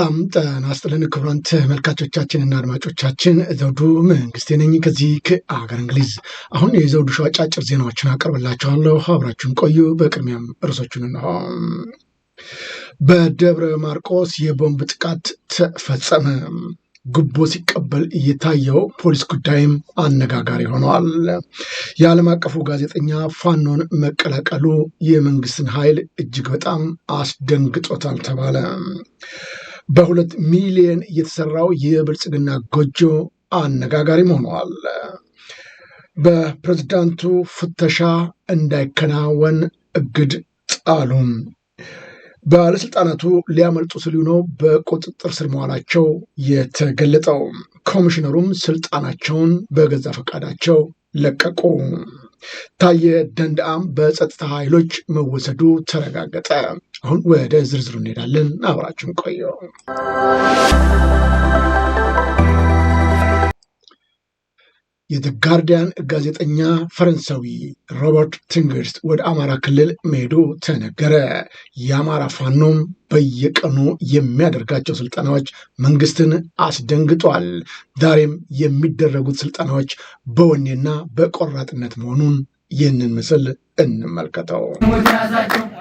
ሰላም ጤና ይስጥልን ክቡራን ተመልካቾቻችንና አድማጮቻችን ዘውዱ መንግስቴ ነኝ ከዚህ ከአገር እንግሊዝ። አሁን የዘውዱ ሾው አጫጭር ዜናዎችን አቀርብላችኋለሁ፣ አብራችሁን ቆዩ። በቅድሚያም ርዕሶቹን እንሆ። በደብረ ማርቆስ የቦምብ ጥቃት ተፈጸመ። ጉቦ ሲቀበል እየታየው ፖሊስ ጉዳይም አነጋጋሪ ሆነዋል። የዓለም አቀፉ ጋዜጠኛ ፋኖን መቀላቀሉ የመንግስትን ኃይል እጅግ በጣም አስደንግጦታል ተባለ። በሁለት ሚሊየን የተሰራው የብልጽግና ጎጆ አነጋጋሪም ሆነዋል። በፕሬዝዳንቱ ፍተሻ እንዳይከናወን እግድ ጣሉ። ባለስልጣናቱ ሊያመልጡ ሲሉ ነው በቁጥጥር ስር መዋላቸው የተገለጠው። ኮሚሽነሩም ስልጣናቸውን በገዛ ፈቃዳቸው ለቀቁ። ታየ ደንደአም በጸጥታ ኃይሎች መወሰዱ ተረጋገጠ። አሁን ወደ ዝርዝሩ እንሄዳለን። አብራችን ቆየው። የዘጋርዲያን ጋዜጠኛ ፈረንሳዊ ሮበርት ትንግስት ወደ አማራ ክልል መሄዱ ተነገረ። የአማራ ፋኖም በየቀኑ የሚያደርጋቸው ስልጠናዎች መንግስትን አስደንግጧል። ዛሬም የሚደረጉት ስልጠናዎች በወኔና በቆራጥነት መሆኑን ይህንን ምስል እንመልከተው።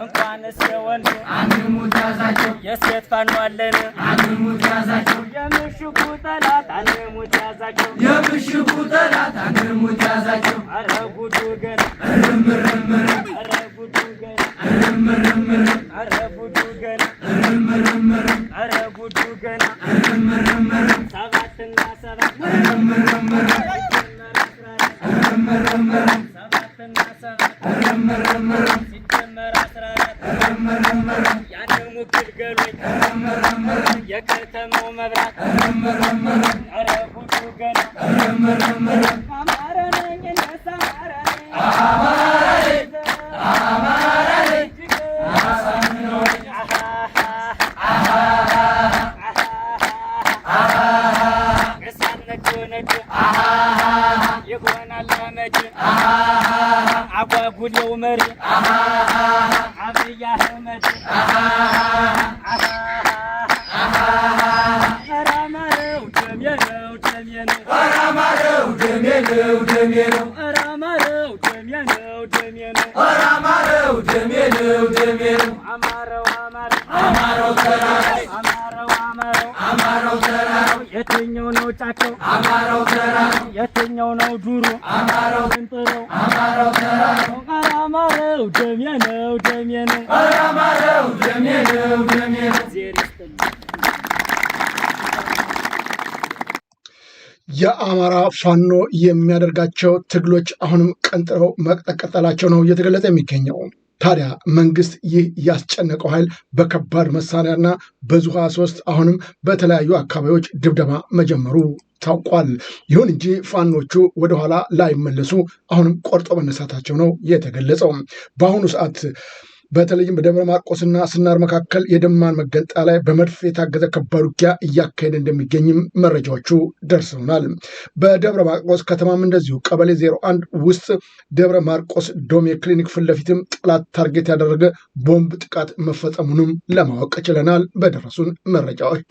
እንኳንስ የወንዱ አንሙት ያዛቸው፣ የሴት ፋኖ አለን አንሙት ያዛቸው፣ የምሽጉ ጠላት አንሙት ያዛቸው፣ የምሽጉ ጠላት አንሙት ያዛቸው። ኧረ ጉዱ ግን እርም እርም ኧረ ጉዱ ግን እርም እርም ኧረ ጉዱ ግን እርም እርም እርም፣ ኧረ ጉዱ ግን እርም ሰባትና ሰባት እርም እርም ሰባትና ሰባት እርም አማረ አማረው ደሜ ነው ደሜ ነው አማረው ተራራው አማረው ተራራው የትኛው ነው ጫካው አማረው ተራራው የትኛው ነው ዱሩ አማረው እንጥረው አማረው ተራራው አማረው ደሜ ነው ደሜ ነው አማረው ደሜ ነው ደሜ ነው የአማራ ፋኖ የሚያደርጋቸው ትግሎች አሁንም ቀንጥረው መቀጠላቸው ነው እየተገለጸ የሚገኘው። ታዲያ መንግስት ይህ ያስጨነቀው ኃይል በከባድ መሳሪያና በዙ 23 አሁንም በተለያዩ አካባቢዎች ድብደባ መጀመሩ ታውቋል። ይሁን እንጂ ፋኖቹ ወደኋላ ላይመለሱ አሁንም ቆርጦ መነሳታቸው ነው የተገለጸው። በአሁኑ ሰዓት በተለይም በደብረ ማርቆስና ስናር መካከል የደማን መገንጣ ላይ በመድፍ የታገዘ ከባድ ውጊያ እያካሄደ እንደሚገኝም መረጃዎቹ ደርሰውናል። በደብረ ማርቆስ ከተማም እንደዚሁ ቀበሌ 01 ውስጥ ደብረ ማርቆስ ዶሜ ክሊኒክ ፊት ለፊትም ጠላት ታርጌት ያደረገ ቦምብ ጥቃት መፈጸሙንም ለማወቅ ችለናል። በደረሱን መረጃዎች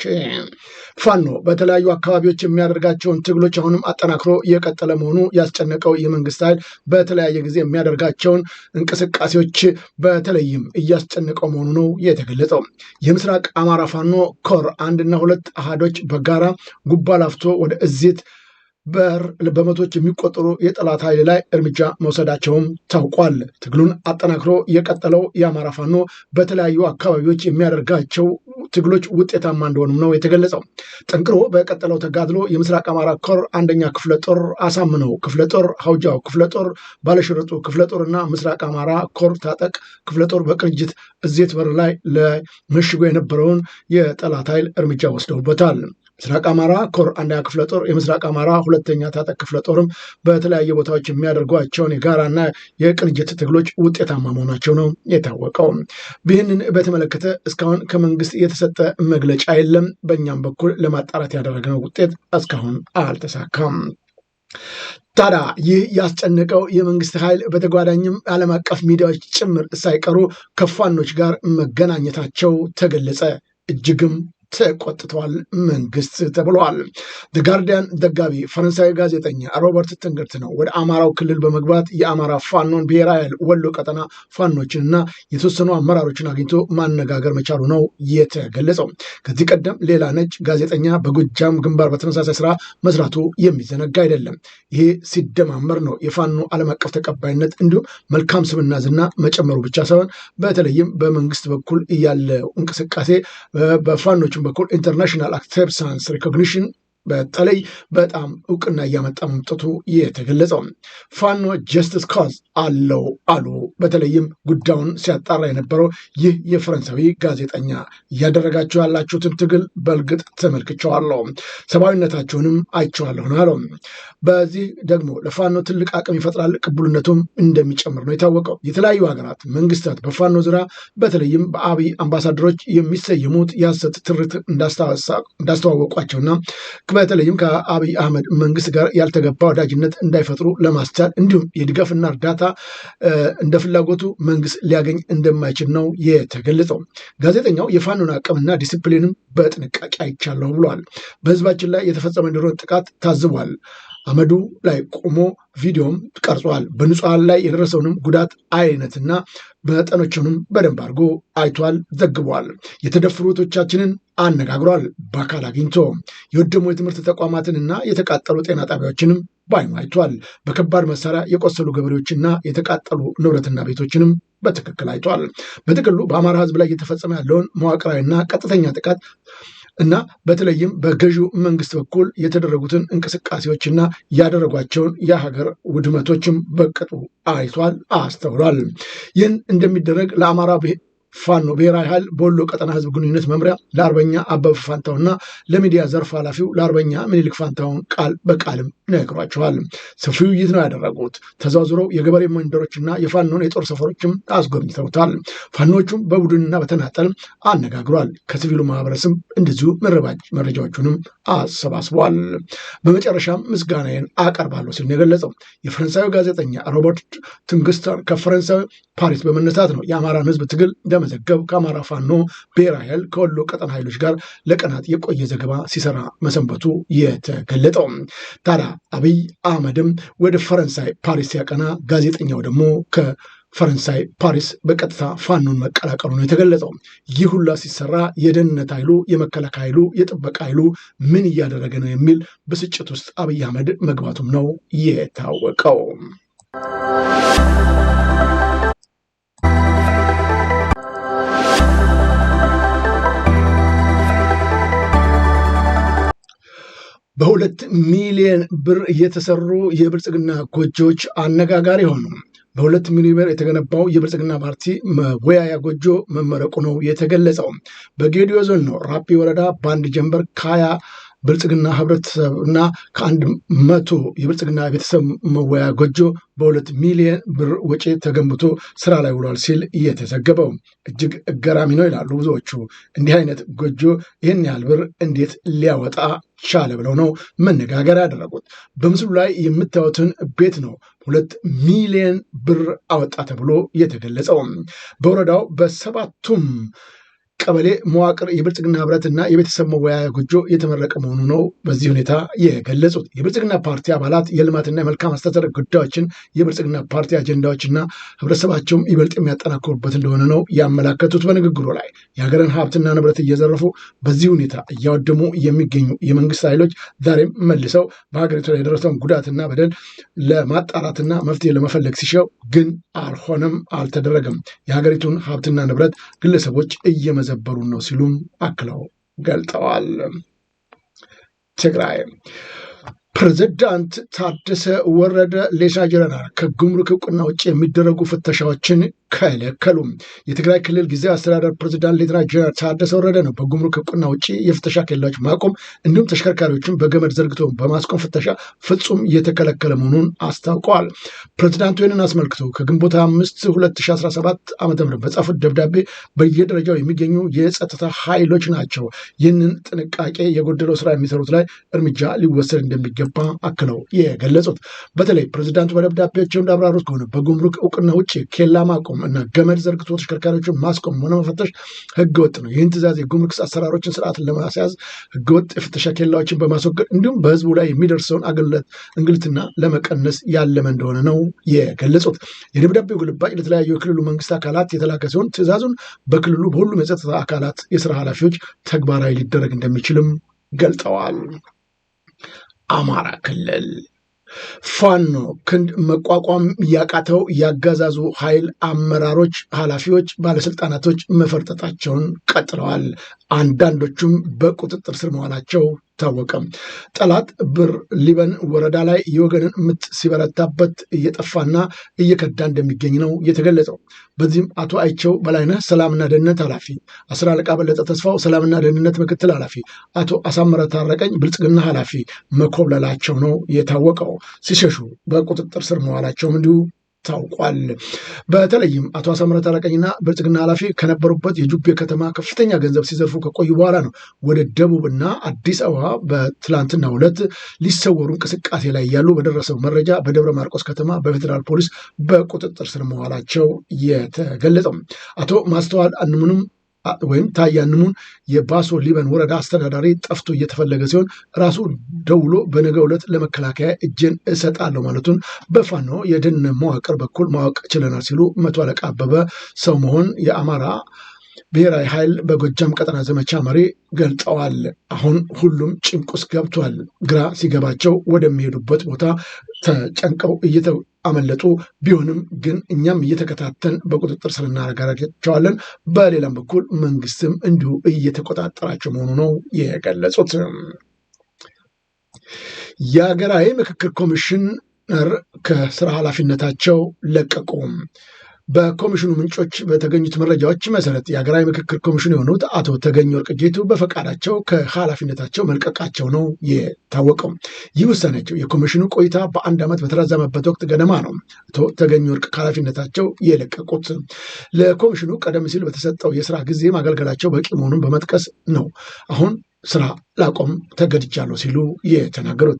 ፋኖ በተለያዩ አካባቢዎች የሚያደርጋቸውን ትግሎች አሁንም አጠናክሮ የቀጠለ መሆኑ ያስጨነቀው የመንግስት ኃይል በተለያየ ጊዜ የሚያደርጋቸውን እንቅስቃሴዎች በተለይ በተለይም እያስጨነቀው መሆኑ ነው የተገለጸው። የምስራቅ አማራ ፋኖ ኮር አንድና ሁለት አሃዶች በጋራ ጉባ ላፍቶ ወደ እዜት በር በመቶች የሚቆጠሩ የጠላት ኃይል ላይ እርምጃ መውሰዳቸውም ታውቋል። ትግሉን አጠናክሮ የቀጠለው የአማራ ፋኖ በተለያዩ አካባቢዎች የሚያደርጋቸው ትግሎች ውጤታማ እንደሆኑም ነው የተገለጸው። ጠንክሮ በቀጠለው ተጋድሎ የምስራቅ አማራ ኮር አንደኛ ክፍለ ጦር፣ አሳምነው ክፍለ ጦር፣ ሀውጃው ክፍለ ጦር፣ ባለሽርጡ ክፍለ ጦር እና ምስራቅ አማራ ኮር ታጠቅ ክፍለ ጦር በቅንጅት እዜት በር ላይ መሽጎ የነበረውን የጠላት ኃይል እርምጃ ወስደውበታል። ምስራቅ አማራ ኮር አንደኛ ክፍለ ጦር የምስራቅ አማራ ሁለተኛ ታጠቅ ክፍለ ጦርም በተለያዩ ቦታዎች የሚያደርጓቸውን የጋራና የቅንጅት ትግሎች ውጤታማ መሆናቸው ነው የታወቀው። ይህንን በተመለከተ እስካሁን ከመንግስት የተሰጠ መግለጫ የለም። በእኛም በኩል ለማጣራት ያደረግነው ውጤት እስካሁን አልተሳካም። ታዲያ ይህ ያስጨነቀው የመንግስት ኃይል በተጓዳኝም ዓለም አቀፍ ሚዲያዎች ጭምር ሳይቀሩ ከፋኖች ጋር መገናኘታቸው ተገለጸ። እጅግም ተቆጥቷል መንግስት ተብሏል። ጋርዲያን ዘጋቢ ፈረንሳዊ ጋዜጠኛ ሮበርት ትንግርት ነው ወደ አማራው ክልል በመግባት የአማራ ፋኖን ብሔራዊ ኃይል ወሎ ቀጠና ፋኖችንና የተወሰኑ አመራሮችን አግኝቶ ማነጋገር መቻሉ ነው የተገለጸው። ከዚህ ቀደም ሌላ ነጭ ጋዜጠኛ በጎጃም ግንባር በተመሳሳይ ስራ መስራቱ የሚዘነጋ አይደለም። ይሄ ሲደማመር ነው የፋኖ ዓለም አቀፍ ተቀባይነት እንዲሁም መልካም ስምና ዝና መጨመሩ ብቻ ሳይሆን በተለይም በመንግስት በኩል ያለው እንቅስቃሴ በፋኖች international acceptance recognition በተለይ በጣም እውቅና እያመጣ መምጠቱ የተገለጸው ፋኖ ጀስትስ ካዝ አለው አሉ። በተለይም ጉዳዩን ሲያጣራ የነበረው ይህ የፈረንሳዊ ጋዜጠኛ እያደረጋችሁ ያላችሁትን ትግል በእርግጥ ተመልክቼዋለሁ፣ ሰብአዊነታችሁንም አይቼዋለሁ ነው አለው። በዚህ ደግሞ ለፋኖ ትልቅ አቅም ይፈጥራል፣ ቅቡልነቱም እንደሚጨምር ነው የታወቀው። የተለያዩ ሀገራት መንግስታት በፋኖ ዙሪያ በተለይም በአብይ አምባሳደሮች የሚሰየሙት የሀሰት ትርት እንዳስተዋወቋቸውና በተለይም ከአብይ አህመድ መንግስት ጋር ያልተገባ ወዳጅነት እንዳይፈጥሩ ለማስቻል እንዲሁም የድጋፍና እርዳታ እንደ ፍላጎቱ መንግስት ሊያገኝ እንደማይችል ነው የተገለጸው። ጋዜጠኛው የፋኖን አቅምና ዲስፕሊንም በጥንቃቄ አይቻለሁ ብለዋል። በህዝባችን ላይ የተፈጸመ ድሮን ጥቃት ታዝቧል። አመዱ ላይ ቆሞ ቪዲዮም ቀርጿል። በንጹሐን ላይ የደረሰውንም ጉዳት አይነትና መጠኖችንም በደንብ አድርጎ አይቷል፣ ዘግቧል። የተደፈሩ እህቶቻችንን አነጋግሯል። በአካል አግኝቶ የወደሙ የትምህርት ተቋማትንና የተቃጠሉ ጤና ጣቢያዎችንም ባይኑ አይቷል። በከባድ መሳሪያ የቆሰሉ ገበሬዎችና የተቃጠሉ ንብረትና ቤቶችንም በትክክል አይቷል። በጥቅሉ በአማራ ሕዝብ ላይ እየተፈጸመ ያለውን መዋቅራዊና ቀጥተኛ ጥቃት እና በተለይም በገዢው መንግስት በኩል የተደረጉትን እንቅስቃሴዎችና ያደረጓቸውን የሀገር ውድመቶችም በቅጡ አይቷል፣ አስተውሏል። ይህን እንደሚደረግ ለአማራ ፋኖ ብሔራዊ ኃይል በወሎ ቀጠና ህዝብ ግንኙነት መምሪያ ለአርበኛ አበበ ፋንታውና ለሚዲያ ዘርፍ ኃላፊው ለአርበኛ ምኒልክ ፋንታውን ቃል በቃልም ነግሯቸዋል። ሰፊ ውይይት ነው ያደረጉት። ተዘዋዝረው የገበሬ መንደሮችና የፋኖን የጦር ሰፈሮችም አስጎብኝተውታል። ፋኖቹም በቡድንና በተናጠል አነጋግሯል። ከሲቪሉ ማህበረሰብ እንደዚሁ መረጃዎቹንም አሰባስቧል። በመጨረሻም ምስጋናዬን አቀርባለሁ ሲል የገለጸው የፈረንሳዊ ጋዜጠኛ ሮበርት ትንግስተን ከፈረንሳዊ ፓሪስ በመነሳት ነው የአማራን ህዝብ ትግል እንደመዘገብ ከአማራ ፋኖ ብሔራዊ ኃይል ከወሎ ቀጠና ኃይሎች ጋር ለቀናት የቆየ ዘገባ ሲሰራ መሰንበቱ የተገለጠው። ታዲያ አብይ አህመድም ወደ ፈረንሳይ ፓሪስ ሲያቀና ጋዜጠኛው ደግሞ ከ ፈረንሳይ ፓሪስ በቀጥታ ፋኖን መቀላቀሉ ነው የተገለጸው። ይህ ሁላ ሲሰራ የደህንነት ኃይሉ፣ የመከላከያ ኃይሉ፣ የጥበቃ ኃይሉ ምን እያደረገ ነው የሚል ብስጭት ውስጥ አብይ አህመድ መግባቱም ነው የታወቀው። በሁለት ሚሊዮን ብር የተሰሩ የብልጽግና ጎጆዎች አነጋጋሪ ሆኑ። በሁለት ሚሊዮን ብር የተገነባው የብልጽግና ፓርቲ መወያያ ጎጆ መመረቁ ነው የተገለጸው። በጌዲዮ ዞን ነው ራፒ ወረዳ በአንድ ጀንበር ከሀያ ብልጽግና ህብረተሰብ እና ከአንድ መቶ የብልጽግና ቤተሰብ መወያ ጎጆ በሁለት ሚሊዮን ብር ወጪ ተገንብቶ ስራ ላይ ውሏል ሲል እየተዘገበው እጅግ ገራሚ ነው ይላሉ ብዙዎቹ። እንዲህ አይነት ጎጆ ይህን ያህል ብር እንዴት ሊያወጣ ቻለ ብለው ነው መነጋገር ያደረጉት። በምስሉ ላይ የምታዩትን ቤት ነው ሁለት ሚሊየን ብር አወጣ ተብሎ የተገለጸው በወረዳው በሰባቱም ቀበሌ መዋቅር የብልጽግና ህብረትና የቤተሰብ መወያያ ጎጆ የተመረቀ መሆኑ ነው በዚህ ሁኔታ የገለጹት። የብልጽግና ፓርቲ አባላት የልማትና የመልካም አስተዳደር ጉዳዮችን የብልጽግና ፓርቲ አጀንዳዎችና ህብረተሰባቸውም ይበልጥ የሚያጠናክሩበት እንደሆነ ነው ያመላከቱት። በንግግሩ ላይ የሀገርን ሀብትና ንብረት እየዘረፉ በዚህ ሁኔታ እያወደሙ የሚገኙ የመንግስት ኃይሎች ዛሬም መልሰው በሀገሪቱ ላይ የደረሰውን ጉዳትና በደል ለማጣራትና መፍትሄ ለመፈለግ ሲሸው ግን አልሆነም፣ አልተደረገም። የሀገሪቱን ሀብትና ንብረት ግለሰቦች እየመዘ እያከበሩን ነው ሲሉም አክለው ገልጠዋል። ትግራይ ፕሬዝዳንት ታደሰ ወረደ ሌሻ ጀነራል ከጉምሩክ እውቅና ውጭ የሚደረጉ ፍተሻዎችን ከለከሉ። የትግራይ ክልል ጊዜ አስተዳደር ፕሬዚዳንት ሌተና ጀነራል ታደሰ ወረደ ነው በጉምሩክ እውቅና ውጭ የፍተሻ ኬላዎች ማቆም እንዲሁም ተሽከርካሪዎችን በገመድ ዘርግቶ በማስቆም ፍተሻ ፍጹም የተከለከለ መሆኑን አስታውቀዋል። ፕሬዚዳንቱ ይህንን አስመልክቶ ከግንቦት አምስት 2017 ዓ ም በጻፉት ደብዳቤ በየደረጃው የሚገኙ የጸጥታ ኃይሎች ናቸው ይህንን ጥንቃቄ የጎደለው ስራ የሚሰሩት ላይ እርምጃ ሊወሰድ እንደሚገባ አክለው የገለጹት በተለይ ፕሬዚዳንቱ በደብዳቤያቸው እንዳብራሩት ከሆነ በጉምሩክ እውቅና ውጭ ኬላ ማቆም ማስቆም እና ገመድ ዘርግቶ ተሽከርካሪዎችን ማስቆም ሆነ መፈተሽ ህገወጥ ነው። ይህን ትእዛዝ የጉምሩክ አሰራሮችን ስርዓትን ለማስያዝ ህገወጥ የፍተሻ ኬላዎችን በማስወገድ እንዲሁም በህዝቡ ላይ የሚደርሰውን አገልግሎት እንግልትና ለመቀነስ ያለመ እንደሆነ ነው የገለጹት። የደብዳቤው ግልባጭ ለተለያዩ የክልሉ መንግስት አካላት የተላከ ሲሆን ትእዛዙን በክልሉ በሁሉም የጸጥታ አካላት የስራ ኃላፊዎች ተግባራዊ ሊደረግ እንደሚችልም ገልጠዋል። አማራ ክልል ፋኖ ክንድ መቋቋም ያቃተው ያገዛዙ ኃይል አመራሮች፣ ኃላፊዎች፣ ባለስልጣናቶች መፈርጠጣቸውን ቀጥለዋል። አንዳንዶቹም በቁጥጥር ስር መዋላቸው ታወቀም ጠላት ብር ሊበን ወረዳ ላይ የወገንን ምት ሲበረታበት እየጠፋና እየከዳ እንደሚገኝ ነው የተገለጸው። በዚህም አቶ አይቸው በላይነህ ሰላምና ደህንነት ኃላፊ፣ አስር አለቃ በለጠ ተስፋው ሰላምና ደህንነት ምክትል ኃላፊ፣ አቶ አሳምረ ታረቀኝ ብልጽግና ኃላፊ መኮብለላቸው ነው የታወቀው። ሲሸሹ በቁጥጥር ስር መዋላቸውም እንዲሁ ታውቋል። በተለይም አቶ አሳምረ ታረቀኝና ብልጽግና ኃላፊ ከነበሩበት የጁቤ ከተማ ከፍተኛ ገንዘብ ሲዘርፉ ከቆዩ በኋላ ነው ወደ ደቡብና አዲስ አበባ በትላንትና ዕለት ሊሰወሩ እንቅስቃሴ ላይ ያሉ በደረሰው መረጃ በደብረ ማርቆስ ከተማ በፌዴራል ፖሊስ በቁጥጥር ስር መዋላቸው የተገለጸው አቶ ማስተዋል አንሙንም ወይም ታያንሙን የባሶ ሊበን ወረዳ አስተዳዳሪ ጠፍቶ እየተፈለገ ሲሆን ራሱ ደውሎ በነገ ዕለት ለመከላከያ እጄን እሰጣለሁ ማለቱን በፋኖ የደን መዋቅር በኩል ማወቅ ችለናል ሲሉ መቶ አለቃ አበበ ሰው መሆን የአማራ ብሔራዊ ኃይል በጎጃም ቀጠና ዘመቻ መሪ ገልጠዋል። አሁን ሁሉም ጭንቁስ ገብቷል። ግራ ሲገባቸው ወደሚሄዱበት ቦታ ተጨንቀው አመለጡ። ቢሆንም ግን እኛም እየተከታተን በቁጥጥር ስር እናረጋቸዋለን። በሌላም በኩል መንግስትም እንዲሁ እየተቆጣጠራቸው መሆኑ ነው የገለጹት። የሀገራዊ ምክክር ኮሚሽነር ከስራ ኃላፊነታቸው ለቀቁ። በኮሚሽኑ ምንጮች በተገኙት መረጃዎች መሰረት የሀገራዊ ምክክር ኮሚሽን የሆኑት አቶ ተገኝ ወርቅ በፈቃዳቸው ከኃላፊነታቸው መልቀቃቸው ነው የታወቀው። ይህ ውሳኔያቸው የኮሚሽኑ ቆይታ በአንድ ዓመት በተራዘመበት ወቅት ገደማ ነው አቶ ተገኝ ወርቅ ከኃላፊነታቸው የለቀቁት። ለኮሚሽኑ ቀደም ሲል በተሰጠው የስራ ጊዜ ማገልገላቸው በቂ መሆኑን በመጥቀስ ነው አሁን ስራ ላቆም ተገድጃለሁ ሲሉ የተናገሩት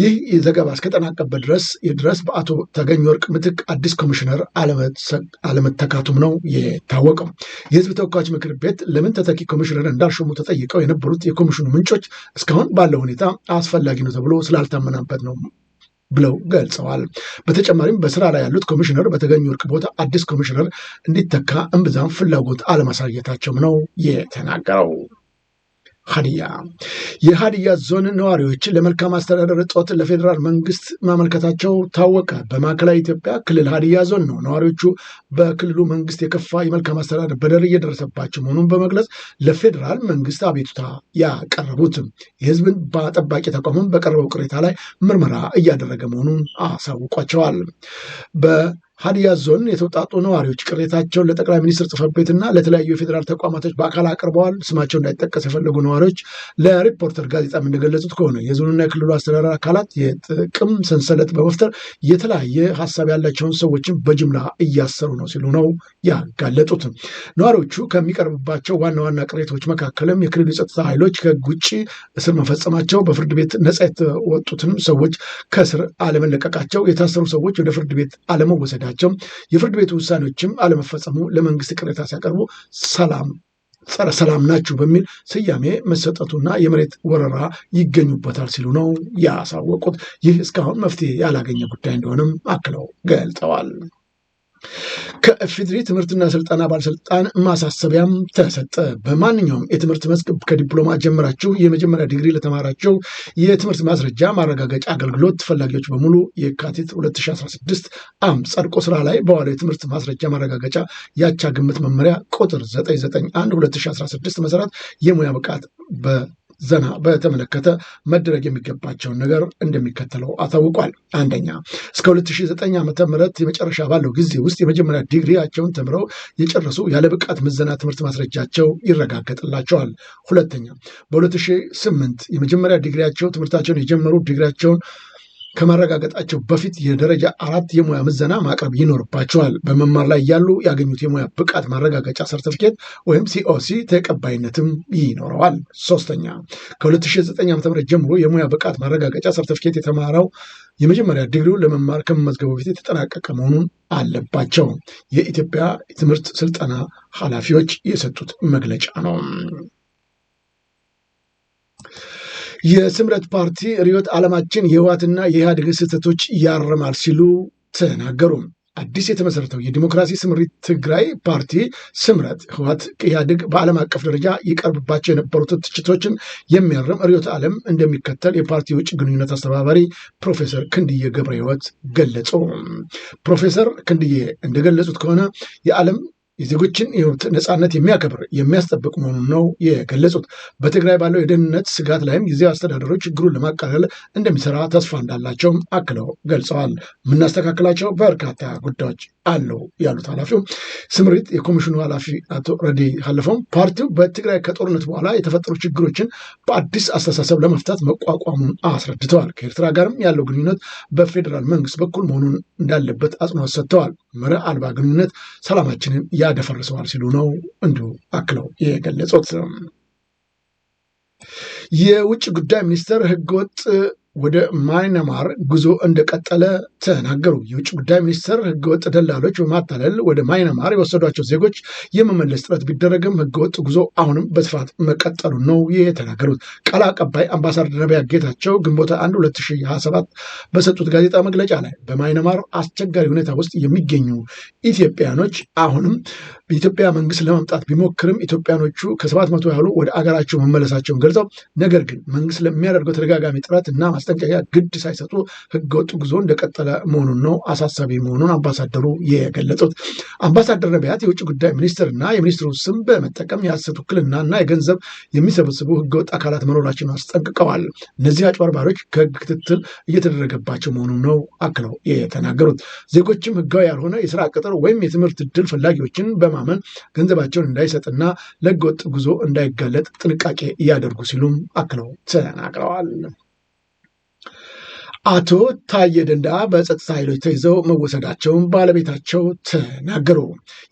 ይህ ዘገባ እስከጠናቀበት ድረስ ድረስ በአቶ ተገኝ ወርቅ ምትክ አዲስ ኮሚሽነር አለመተካቱም ነው የታወቀው። የህዝብ ተወካዮች ምክር ቤት ለምን ተተኪ ኮሚሽነር እንዳልሾሙ ተጠይቀው የነበሩት የኮሚሽኑ ምንጮች እስካሁን ባለው ሁኔታ አስፈላጊ ነው ተብሎ ስላልታመናበት ነው ብለው ገልጸዋል። በተጨማሪም በስራ ላይ ያሉት ኮሚሽነር በተገኝ ወርቅ ቦታ አዲስ ኮሚሽነር እንዲተካ እምብዛም ፍላጎት አለማሳየታቸውም ነው የተናገረው። ሀዲያ የሀዲያ ዞን ነዋሪዎች ለመልካም አስተዳደር እጦት ለፌዴራል መንግስት ማመልከታቸው ታወቀ። በማዕከላዊ ኢትዮጵያ ክልል ሀዲያ ዞን ነው ነዋሪዎቹ በክልሉ መንግስት የከፋ የመልካም አስተዳደር በደል እየደረሰባቸው መሆኑን በመግለጽ ለፌዴራል መንግስት አቤቱታ ያቀረቡት የህዝብን በጠባቂ ተቋሙን በቀረበው ቅሬታ ላይ ምርመራ እያደረገ መሆኑን አሳውቋቸዋል። ሀዲያ ዞን የተውጣጡ ነዋሪዎች ቅሬታቸውን ለጠቅላይ ሚኒስትር ጽህፈት ቤትና ለተለያዩ የፌዴራል ተቋማቶች በአካል አቅርበዋል። ስማቸው እንዳይጠቀስ የፈለጉ ነዋሪዎች ለሪፖርተር ጋዜጣም እንደገለጹት ከሆነ የዞኑና የክልሉ አስተዳደር አካላት የጥቅም ሰንሰለት በመፍጠር የተለያየ ሀሳብ ያላቸውን ሰዎችን በጅምላ እያሰሩ ነው ሲሉ ነው ያጋለጡት። ነዋሪዎቹ ከሚቀርቡባቸው ዋና ዋና ቅሬታዎች መካከልም የክልሉ የጸጥታ ኃይሎች ከህግ ውጭ እስር መፈጸማቸው፣ በፍርድ ቤት ነጻ የተወጡትንም ሰዎች ከእስር አለመለቀቃቸው፣ የታሰሩ ሰዎች ወደ ፍርድ ቤት አለመወሰዳ ናቸው። የፍርድ ቤት ውሳኔዎችም አለመፈጸሙ ለመንግስት ቅሬታ ሲያቀርቡ ሰላም ጸረ ሰላም ናችሁ በሚል ስያሜ መሰጠቱና የመሬት ወረራ ይገኙበታል ሲሉ ነው ያሳወቁት። ይህ እስካሁን መፍትሄ ያላገኘ ጉዳይ እንደሆነም አክለው ገልጠዋል። ከኢፌዴሪ ትምህርትና ስልጠና ባለስልጣን ማሳሰቢያም ተሰጠ። በማንኛውም የትምህርት መስክ ከዲፕሎማ ጀምራችሁ የመጀመሪያ ዲግሪ ለተማራችሁ የትምህርት ማስረጃ ማረጋገጫ አገልግሎት ተፈላጊዎች በሙሉ የካቲት 2016 አም ጸድቆ ስራ ላይ በዋለው የትምህርት ማስረጃ ማረጋገጫ ያቻ ግምት መመሪያ ቁጥር 991 2016 መሰረት የሙያ ብቃት በ ዘና በተመለከተ መደረግ የሚገባቸውን ነገር እንደሚከተለው አታውቋል። አንደኛ እስከ 2009 ዓ ም የመጨረሻ ባለው ጊዜ ውስጥ የመጀመሪያ ዲግሪያቸውን ተምረው የጨረሱ ያለብቃት ምዘና ትምህርት ማስረጃቸው ይረጋገጥላቸዋል። ሁለተኛ በ2008 የመጀመሪያ ዲግሪያቸው ትምህርታቸውን የጀመሩ ዲግሪያቸውን ከማረጋገጣቸው በፊት የደረጃ አራት የሙያ ምዘና ማቅረብ ይኖርባቸዋል። በመማር ላይ ያሉ ያገኙት የሙያ ብቃት ማረጋገጫ ሰርቲፊኬት ወይም ሲኦሲ ተቀባይነትም ይኖረዋል። ሶስተኛ ከ2009 ዓ.ም ጀምሮ የሙያ ብቃት ማረጋገጫ ሰርቲፊኬት የተማረው የመጀመሪያ ዲግሪው ለመማር ከመመዝገቡ በፊት የተጠናቀቀ መሆኑን አለባቸው። የኢትዮጵያ ትምህርት ስልጠና ኃላፊዎች የሰጡት መግለጫ ነው። የስምረት ፓርቲ ርዕዮተ ዓለማችን የህወሓትና የኢህአዴግ ስህተቶች ያርማል ሲሉ ተናገሩ። አዲስ የተመሰረተው የዲሞክራሲ ስምሪት ትግራይ ፓርቲ ስምረት ህወሓት ኢህአዴግ በዓለም አቀፍ ደረጃ ይቀርብባቸው የነበሩት ትችቶችን የሚያርም ርዕዮተ ዓለም እንደሚከተል የፓርቲ ውጭ ግንኙነት አስተባባሪ ፕሮፌሰር ክንድዬ ገብረ ህይወት ገለጹ። ፕሮፌሰር ክንድዬ እንደገለጹት ከሆነ የዓለም የዜጎችን ነፃነት የሚያከብር የሚያስጠብቅ መሆኑን ነው የገለጹት። በትግራይ ባለው የደህንነት ስጋት ላይም ጊዜያዊ አስተዳደሩ ችግሩን ለማቃለል እንደሚሰራ ተስፋ እንዳላቸውም አክለው ገልጸዋል። የምናስተካክላቸው በርካታ ጉዳዮች አለው ያሉት ኃላፊው ስምሪት የኮሚሽኑ ኃላፊ አቶ ረዲ ሀለፈውም ፓርቲው በትግራይ ከጦርነት በኋላ የተፈጠሩ ችግሮችን በአዲስ አስተሳሰብ ለመፍታት መቋቋሙን አስረድተዋል። ከኤርትራ ጋርም ያለው ግንኙነት በፌዴራል መንግስት በኩል መሆኑን እንዳለበት አጽንኦት ሰጥተዋል። መርህ አልባ ግንኙነት ሰላማችንን ያደፈርሰዋል ሲሉ ነው እንዲሁ አክለው የገለጹት። የውጭ ጉዳይ ሚኒስቴር ህገወጥ ወደ ማይነማር ጉዞ እንደቀጠለ ተናገሩ። የውጭ ጉዳይ ሚኒስትር ህገወጥ ደላሎች በማታለል ወደ ማይነማር የወሰዷቸው ዜጎች የመመለስ ጥረት ቢደረግም ህገወጥ ጉዞ አሁንም በስፋት መቀጠሉ ነው የተናገሩት። ቃል አቀባይ አምባሳደር ነቢያ ጌታቸው ግንቦት 1 2027 በሰጡት ጋዜጣ መግለጫ ላይ በማይነማር አስቸጋሪ ሁኔታ ውስጥ የሚገኙ ኢትዮጵያኖች አሁንም በኢትዮጵያ መንግስት ለማምጣት ቢሞክርም ኢትዮጵያኖቹ ከሰባት መቶ ያህሉ ወደ አገራቸው መመለሳቸውን ገልጸው ነገር ግን መንግስት ለሚያደርገው ተደጋጋሚ ጥረት እና ማስጠንቀቂያ ግድ ሳይሰጡ ህገወጥ ጉዞ እንደቀጠለ መሆኑን ነው አሳሳቢ መሆኑን አምባሳደሩ የገለጹት። አምባሳደር ነቢያት የውጭ ጉዳይ ሚኒስትርና የሚኒስትሩ ስም በመጠቀም የሀሰት እና የገንዘብ የሚሰበስቡ ህገወጥ አካላት መኖራቸውን አስጠንቅቀዋል። እነዚህ አጭበርባሪዎች ከህግ ክትትል እየተደረገባቸው መሆኑን ነው አክለው የተናገሩት። ዜጎችም ህጋዊ ያልሆነ የስራ ቅጥር ወይም የትምህርት እድል ፈላጊዎችን በማመን ገንዘባቸውን እንዳይሰጥና ለህገወጥ ጉዞ እንዳይጋለጥ ጥንቃቄ እያደርጉ ሲሉም አክለው ተናግረዋል። አቶ ታዬ ደንደአ በጸጥታ ኃይሎች ተይዘው መወሰዳቸውን ባለቤታቸው ተናገሩ።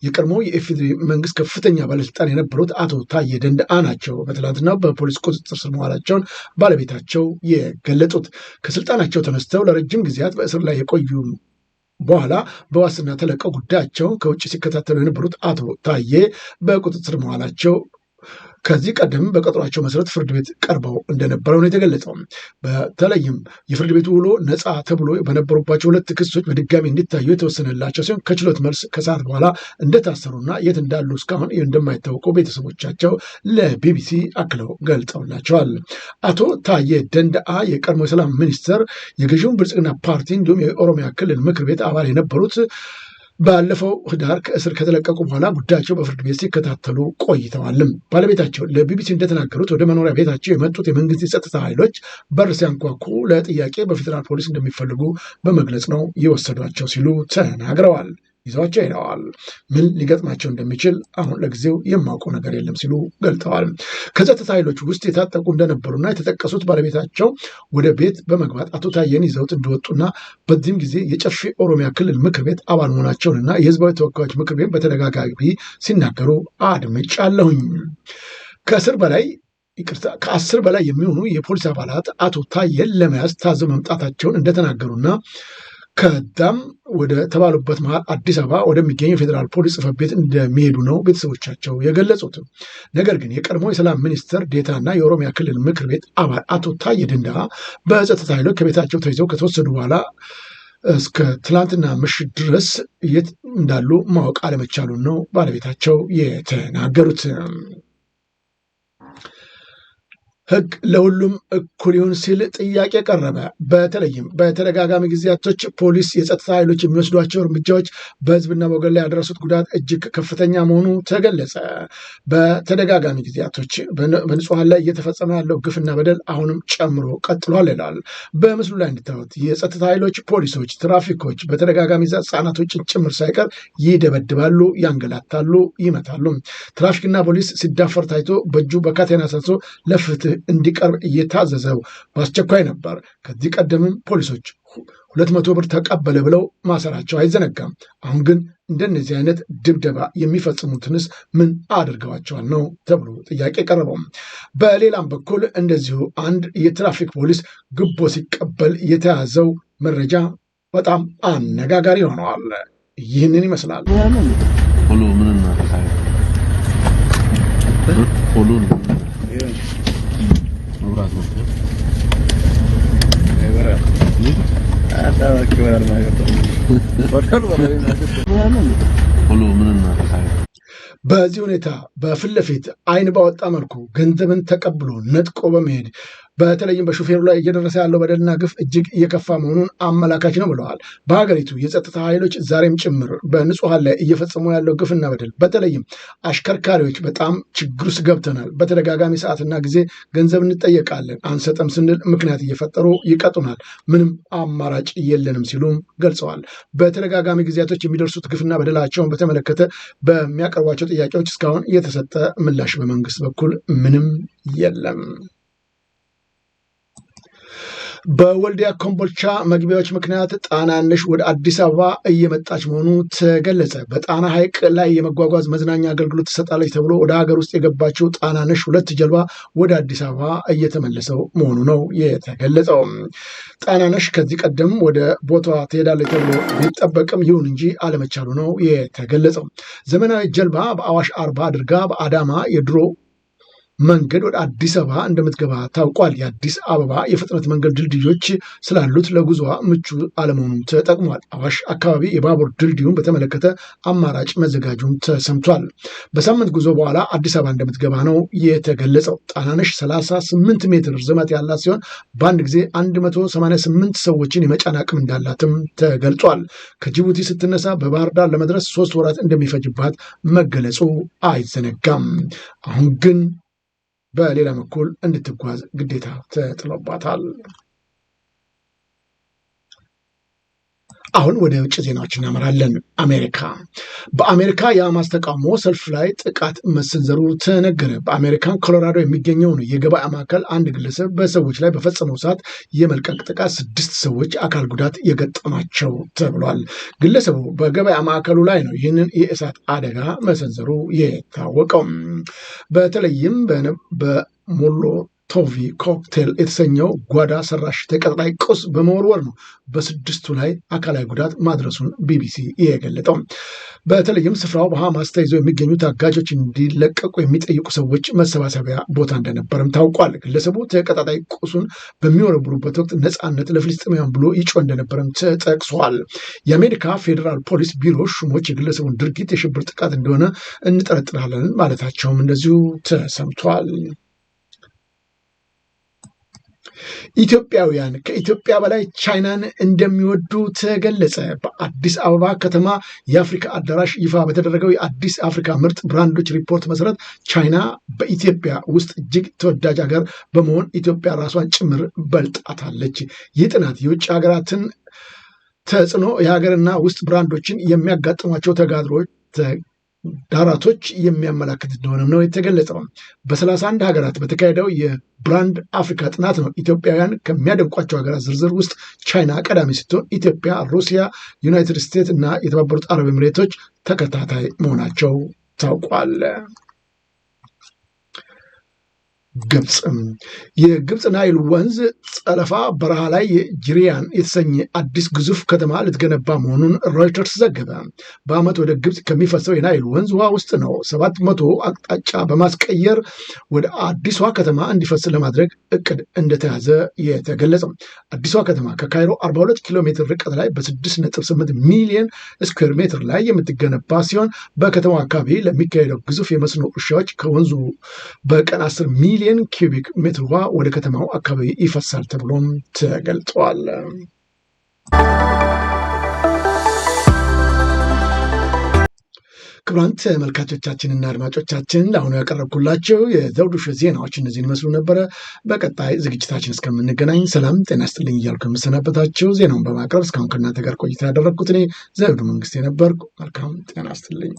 የቀድሞ የኢፌዴሪ መንግስት ከፍተኛ ባለስልጣን የነበሩት አቶ ታዬ ደንደአ ናቸው በትላንትናው በፖሊስ ቁጥጥር ስር መዋላቸውን ባለቤታቸው የገለጡት። ከስልጣናቸው ተነስተው ለረጅም ጊዜያት በእስር ላይ የቆዩ በኋላ በዋስና ተለቀው ጉዳያቸውን ከውጭ ሲከታተሉ የነበሩት አቶ ታዬ በቁጥጥር መዋላቸው ከዚህ ቀደም በቀጠሯቸው መሰረት ፍርድ ቤት ቀርበው እንደነበረው ነው የተገለጸው። በተለይም የፍርድ ቤቱ ውሎ ነፃ ተብሎ በነበሩባቸው ሁለት ክሶች በድጋሚ እንዲታዩ የተወሰነላቸው ሲሆን ከችሎት መልስ ከሰዓት በኋላ እንደታሰሩና የት እንዳሉ እስካሁን እንደማይታወቁ ቤተሰቦቻቸው ለቢቢሲ አክለው ገልጸውላቸዋል። አቶ ታዬ ደንዳአ የቀድሞ የሰላም ሚኒስትር፣ የገዢውን ብልጽግና ፓርቲ እንዲሁም የኦሮሚያ ክልል ምክር ቤት አባል የነበሩት ባለፈው ህዳር ከእስር ከተለቀቁ በኋላ ጉዳያቸው በፍርድ ቤት ሲከታተሉ ቆይተዋልም። ባለቤታቸው ለቢቢሲ እንደተናገሩት ወደ መኖሪያ ቤታቸው የመጡት የመንግስት የጸጥታ ኃይሎች በር ሲያንኳኩ ለጥያቄ በፌዴራል ፖሊስ እንደሚፈልጉ በመግለጽ ነው የወሰዷቸው ሲሉ ተናግረዋል። ይዘዋቸው ሄደዋል። ምን ሊገጥማቸው እንደሚችል አሁን ለጊዜው የማውቀው ነገር የለም ሲሉ ገልጠዋል። ከጸጥታ ኃይሎች ውስጥ የታጠቁ እንደነበሩና የተጠቀሱት ባለቤታቸው ወደ ቤት በመግባት አቶ ታየን ይዘውት እንደወጡና በዚህም ጊዜ የጨፌ ኦሮሚያ ክልል ምክር ቤት አባል መሆናቸውንና የህዝባዊ ተወካዮች ምክር ቤት በተደጋጋሚ ሲናገሩ አድምጫለሁኝ። ከእስር በላይ ይቅርታ ከአስር በላይ የሚሆኑ የፖሊስ አባላት አቶ ታየን ለመያዝ ታዘው መምጣታቸውን እንደተናገሩና ከዛም ወደ ተባሉበት መሀል አዲስ አበባ ወደሚገኝ የፌዴራል ፖሊስ ጽሕፈት ቤት እንደሚሄዱ ነው ቤተሰቦቻቸው የገለጹት። ነገር ግን የቀድሞ የሰላም ሚኒስትር ዴታና የኦሮሚያ ክልል ምክር ቤት አባል አቶ ታዬ ድንዳ በጸጥታ ኃይሎች ከቤታቸው ተይዘው ከተወሰዱ በኋላ እስከ ትላንትና ምሽት ድረስ የት እንዳሉ ማወቅ አለመቻሉን ነው ባለቤታቸው የተናገሩት። ህግ ለሁሉም እኩል ይሁን ሲል ጥያቄ ቀረበ። በተለይም በተደጋጋሚ ጊዜያቶች ፖሊስ፣ የጸጥታ ኃይሎች የሚወስዷቸው እርምጃዎች በህዝብና በወገን ላይ ያደረሱት ጉዳት እጅግ ከፍተኛ መሆኑ ተገለጸ። በተደጋጋሚ ጊዜያቶች በንጹሐን ላይ እየተፈጸመ ያለው ግፍና በደል አሁንም ጨምሮ ቀጥሏል ይላል። በምስሉ ላይ እንድታዩት የጸጥታ ኃይሎች፣ ፖሊሶች፣ ትራፊኮች በተደጋጋሚ ህጻናቶችን ጭምር ሳይቀር ይደበድባሉ፣ ያንገላታሉ፣ ይመታሉ። ትራፊክና ፖሊስ ሲዳፈር ታይቶ በእጁ በካቴና ሰጥቶ ለፍትህ እንዲቀርብ እየታዘዘው በአስቸኳይ ነበር። ከዚህ ቀደምም ፖሊሶች ሁለት መቶ ብር ተቀበለ ብለው ማሰራቸው አይዘነጋም። አሁን ግን እንደነዚህ አይነት ድብደባ የሚፈጽሙትንስ ምን አድርገዋቸዋል ነው ተብሎ ጥያቄ ቀረበው። በሌላም በኩል እንደዚሁ አንድ የትራፊክ ፖሊስ ግቦ ሲቀበል የተያዘው መረጃ በጣም አነጋጋሪ ሆነዋል። ይህንን ይመስላል። በዚህ ሁኔታ በፊት ለፊት አይን ባወጣ መልኩ ገንዘብን ተቀብሎ ነጥቆ በመሄድ በተለይም በሹፌሩ ላይ እየደረሰ ያለው በደልና ግፍ እጅግ እየከፋ መሆኑን አመላካች ነው ብለዋል። በሀገሪቱ የጸጥታ ኃይሎች ዛሬም ጭምር በንጹሐን ላይ እየፈጸሙ ያለው ግፍና በደል በተለይም አሽከርካሪዎች በጣም ችግር ውስጥ ገብተናል። በተደጋጋሚ ሰዓትና ጊዜ ገንዘብ እንጠየቃለን፣ አንሰጠም ስንል ምክንያት እየፈጠሩ ይቀጡናል። ምንም አማራጭ የለንም ሲሉም ገልጸዋል። በተደጋጋሚ ጊዜያቶች የሚደርሱት ግፍና በደላቸውን በተመለከተ በሚያቀርቧቸው ጥያቄዎች እስካሁን የተሰጠ ምላሽ በመንግስት በኩል ምንም የለም። በወልዲያ ኮምቦልቻ መግቢያዎች ምክንያት ጣናነሽ ወደ አዲስ አበባ እየመጣች መሆኑ ተገለጸ። በጣና ሐይቅ ላይ የመጓጓዝ መዝናኛ አገልግሎት ትሰጣለች ተብሎ ወደ ሀገር ውስጥ የገባችው ጣናነሽ ሁለት ጀልባ ወደ አዲስ አበባ እየተመለሰው መሆኑ ነው የተገለጸው። ጣናነሽ ከዚህ ቀደም ወደ ቦታዋ ትሄዳለች ተብሎ ቢጠበቅም ይሁን እንጂ አለመቻሉ ነው የተገለጸው። ዘመናዊ ጀልባ በአዋሽ አርባ አድርጋ በአዳማ የድሮ መንገድ ወደ አዲስ አበባ እንደምትገባ ታውቋል። የአዲስ አበባ የፍጥነት መንገድ ድልድዮች ስላሉት ለጉዞዋ ምቹ አለመሆኑ ተጠቅሟል። አዋሽ አካባቢ የባቡር ድልድዩን በተመለከተ አማራጭ መዘጋጁም ተሰምቷል። በሳምንት ጉዞ በኋላ አዲስ አበባ እንደምትገባ ነው የተገለጸው። ጣናነሽ 38 ሜትር ርዝመት ያላት ሲሆን በአንድ ጊዜ 188 ሰዎችን የመጫን አቅም እንዳላትም ተገልጿል። ከጅቡቲ ስትነሳ በባህር ዳር ለመድረስ ሶስት ወራት እንደሚፈጅባት መገለጹ አይዘነጋም። አሁን ግን በሌላ በኩል እንድትጓዝ ግዴታ ተጥሎባታል። አሁን ወደ ውጭ ዜናዎች እናመራለን። አሜሪካ በአሜሪካ የሐማስ ተቃውሞ ሰልፍ ላይ ጥቃት መሰንዘሩ ተነገረ። በአሜሪካን ኮሎራዶ የሚገኘው ነው የገበያ ማዕከል አንድ ግለሰብ በሰዎች ላይ በፈጸመው ሰዓት የመልቀቅ ጥቃት ስድስት ሰዎች አካል ጉዳት የገጠማቸው ተብሏል። ግለሰቡ በገበያ ማዕከሉ ላይ ነው ይህንን የእሳት አደጋ መሰንዘሩ የታወቀው በተለይም በሞሎ ቶቪ ኮክቴል የተሰኘው ጓዳ ሰራሽ ተቀጣጣይ ቁስ በመወርወር ነው በስድስቱ ላይ አካላዊ ጉዳት ማድረሱን ቢቢሲ የገለጠው። በተለይም ስፍራው በሐማስ ተይዘው የሚገኙ ታጋጆች እንዲለቀቁ የሚጠይቁ ሰዎች መሰባሰቢያ ቦታ እንደነበረም ታውቋል። ግለሰቡ ተቀጣጣይ ቁሱን በሚወረውሩበት ወቅት ነፃነት ለፍልስጤማውያን ብሎ ይጮ እንደነበረም ተጠቅሷል። የአሜሪካ ፌዴራል ፖሊስ ቢሮ ሹሞች የግለሰቡን ድርጊት የሽብር ጥቃት እንደሆነ እንጠረጥራለን ማለታቸውም እንደዚሁ ተሰምቷል። ኢትዮጵያውያን ከኢትዮጵያ በላይ ቻይናን እንደሚወዱ ተገለጸ። በአዲስ አበባ ከተማ የአፍሪካ አዳራሽ ይፋ በተደረገው የአዲስ አፍሪካ ምርጥ ብራንዶች ሪፖርት መሰረት ቻይና በኢትዮጵያ ውስጥ እጅግ ተወዳጅ ሀገር በመሆን ኢትዮጵያ ራሷን ጭምር በልጣታለች። ይህ ጥናት የውጭ ሀገራትን ተጽዕኖ፣ የሀገርና ውስጥ ብራንዶችን የሚያጋጥሟቸው ተጋድሮች ዳራቶች የሚያመላክት እንደሆነም ነው የተገለጸው። በሰላሳ አንድ ሀገራት በተካሄደው የብራንድ አፍሪካ ጥናት ነው ኢትዮጵያውያን ከሚያደንቋቸው ሀገራት ዝርዝር ውስጥ ቻይና ቀዳሚ ስትሆን ኢትዮጵያ፣ ሩሲያ፣ ዩናይትድ ስቴትስ እና የተባበሩት አረብ ኤምሬቶች ተከታታይ መሆናቸው ታውቋል። ግብፅ የግብፅ ናይል ወንዝ ጠለፋ በረሃ ላይ ጅሪያን የተሰኘ አዲስ ግዙፍ ከተማ ልትገነባ መሆኑን ሮይተርስ ዘገበ። በዓመት ወደ ግብፅ ከሚፈሰው የናይል ወንዝ ውሃ ውስጥ ነው ሰባት መቶ አቅጣጫ በማስቀየር ወደ አዲሷ ከተማ እንዲፈስ ለማድረግ እቅድ እንደተያዘ የተገለጸው። አዲሷ ከተማ ከካይሮ 42 ኪሎ ሜትር ርቀት ላይ በ6.8 ሚሊዮን ስኩዌር ሜትር ላይ የምትገነባ ሲሆን በከተማው አካባቢ ለሚካሄደው ግዙፍ የመስኖ እርሻዎች ከወንዙ በቀን 10 ሚሊዮን ሚሊዮን ኪቢክ ሜትር ውሃ ወደ ከተማው አካባቢ ይፈሳል ተብሎም ተገልጧል። ክቡራን ተመልካቾቻችንና አድማጮቻችን ለአሁኑ ያቀረብኩላቸው የዘውዱ ሾው ዜናዎች እነዚህን ይመስሉ ነበረ። በቀጣይ ዝግጅታችን እስከምንገናኝ ሰላም ጤና ስጥልኝ እያልኩ የምሰናበታቸው ዜናውን በማቅረብ እስካሁን ከእናንተ ጋር ቆይታ ያደረግኩት እኔ ዘውዱ መንግስት የነበርኩ መልካም ጤና ስጥልኝ።